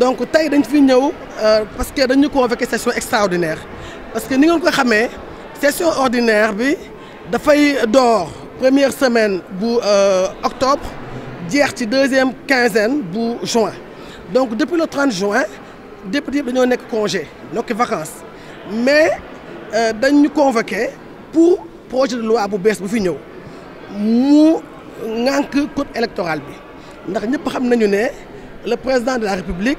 donc tey dañ fi ñëw euh, parce que dañu convoqué session extraordinaire parce que ni ngeen ko xamee session ordinaire bi dafay door première semaine bu euh, octobre jeex ci deuxième quinzaine bu juin donc depuis le 30 juin député yëpp dañoo nekk congé nokki vacances mais euh, dañ ñu convoqué pour projet de loi bu bees bu fi ñëw mu ŋànk code électoral bi ndax ñëpp xam nañu ne le président de la république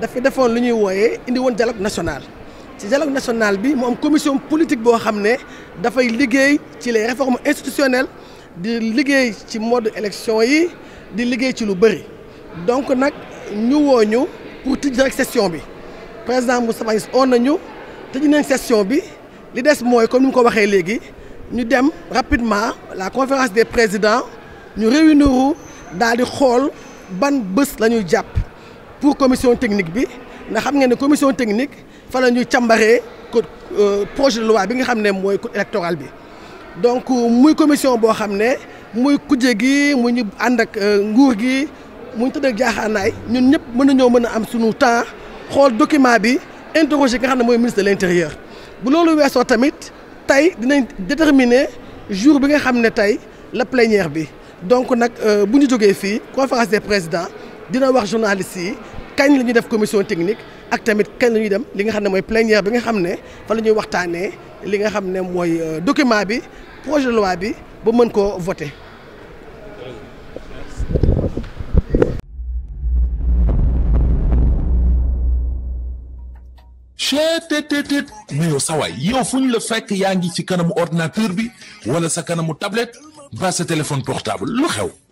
dafay defoon li ñuy wooyee indi woon dialogue national ci dialogue national bi mu am commission politique boo xam ne dafay liggéey ci les réformes institutionnelles di liggéey ci mode élection yi di liggéey ci lu bëri donc nag ñu woo ñu pour tijji rek session bi président Moustapha Niasse on nañu tëj nañ session bi li des mooy comme ni mu ko waxee léegi ñu dem rapidement la conférence de président ñu réunir daal di xool. ban bés la ñuy jàpp pour commission technique bi nga xam ngeen ne commission technique fa la ñuy càmbaree code euh, projet de loi bi nga xam ne mooy code électoral bi donc euh, muy commission boo xam ne muy kujje gi mu ñu ànd ak euh, nguur gi mu ñu tëdd ak jaaxaanaay ñun ñëpp mën nañoo mën a am suñu temps xool document bi interroger nga xam ne mooy ministre de l'intérieur bu loolu weesoo tamit tey dinañ déterminer jour bi nga xam ne tey la plénière bi. donc nag euh, bu ñu jógee fii conférence des présidents dina wax journalistes yi kañ la ñuy def commission technique ak tamit kañ la ñuy dem li nga xam ne mooy plénière bi nga xam ne fa la ñuy waxtaanee li nga xam ne mooy euh, document bi projet de loi bi ba mën koo voter. cheetetetet mais yow saa yow fu la fekk yaa ngi ci kanamu ordinateur bi wala sa kanamu tablette. ba sa téléphone portable lu xew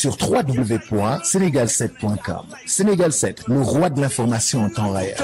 sur www.sénégal7.com. Sénégal le roi de l'information en temps réel.